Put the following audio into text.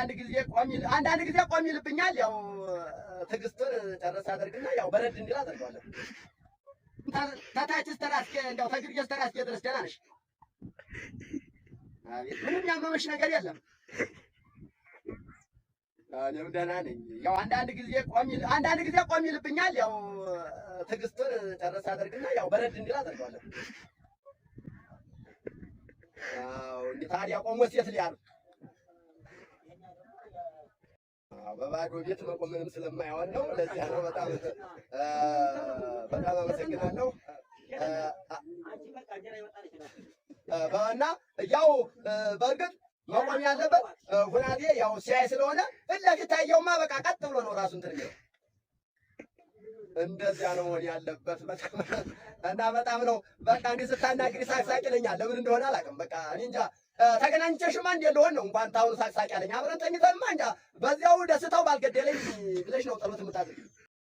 አንዳንድ ጊዜ ቆም ይል አንዳንድ ጊዜ ቆም ይልብኛል። ያው ትዕግስቱን ጨረስ አደርግና ያው በረድ እንዲል አደርገዋለሁ። ተታች ተራስኬ እንደው ተግርጌ ተራስኬ ድረስ ደህና ነሽ? ምንም ያመመሽ ነገር የለም? እኔም ደህና ነኝ። ያው አንዳንድ ጊዜ ቆም ይል አንዳንድ ጊዜ ቆም ያው ትዕግስቱን ጨረስ አደርግና ያው በረድ እንዲል አደርገዋለሁ። አዎ እንዲህ ታዲያ ቆሞ ሴት ሊያሉ በባዶ ቤት መቆምንም ስለማይሆን ነው። ለዚያ ነው። በጣም በጣም አመሰግናለሁ። እና ያው በእርግጥ መቆም ያለበት ሁናቴ ያው ሲያይ ስለሆነ ፊት ለፊት ታየውማ በቃ ቀጥ ብሎ ነው ራሱን ትርግ እንደዚያ ነው መሆን ያለበት። እና በጣም ነው በቃ እንዲህ ስታናግሪ ሳቅሳቅ ይለኛል። ለምን እንደሆነ አላውቅም። በቃ እኔ እንጃ ተገናኝተሽማ እንደ እንደሆን ነው እንኳን ታሁኑ ሳቅሳቅ ያለኝ አብረን ተኝተንማ እንጃ በዚያው ደስታው ባልገደለኝ ብለሽ ነው ጸሎት የምታደርጊው።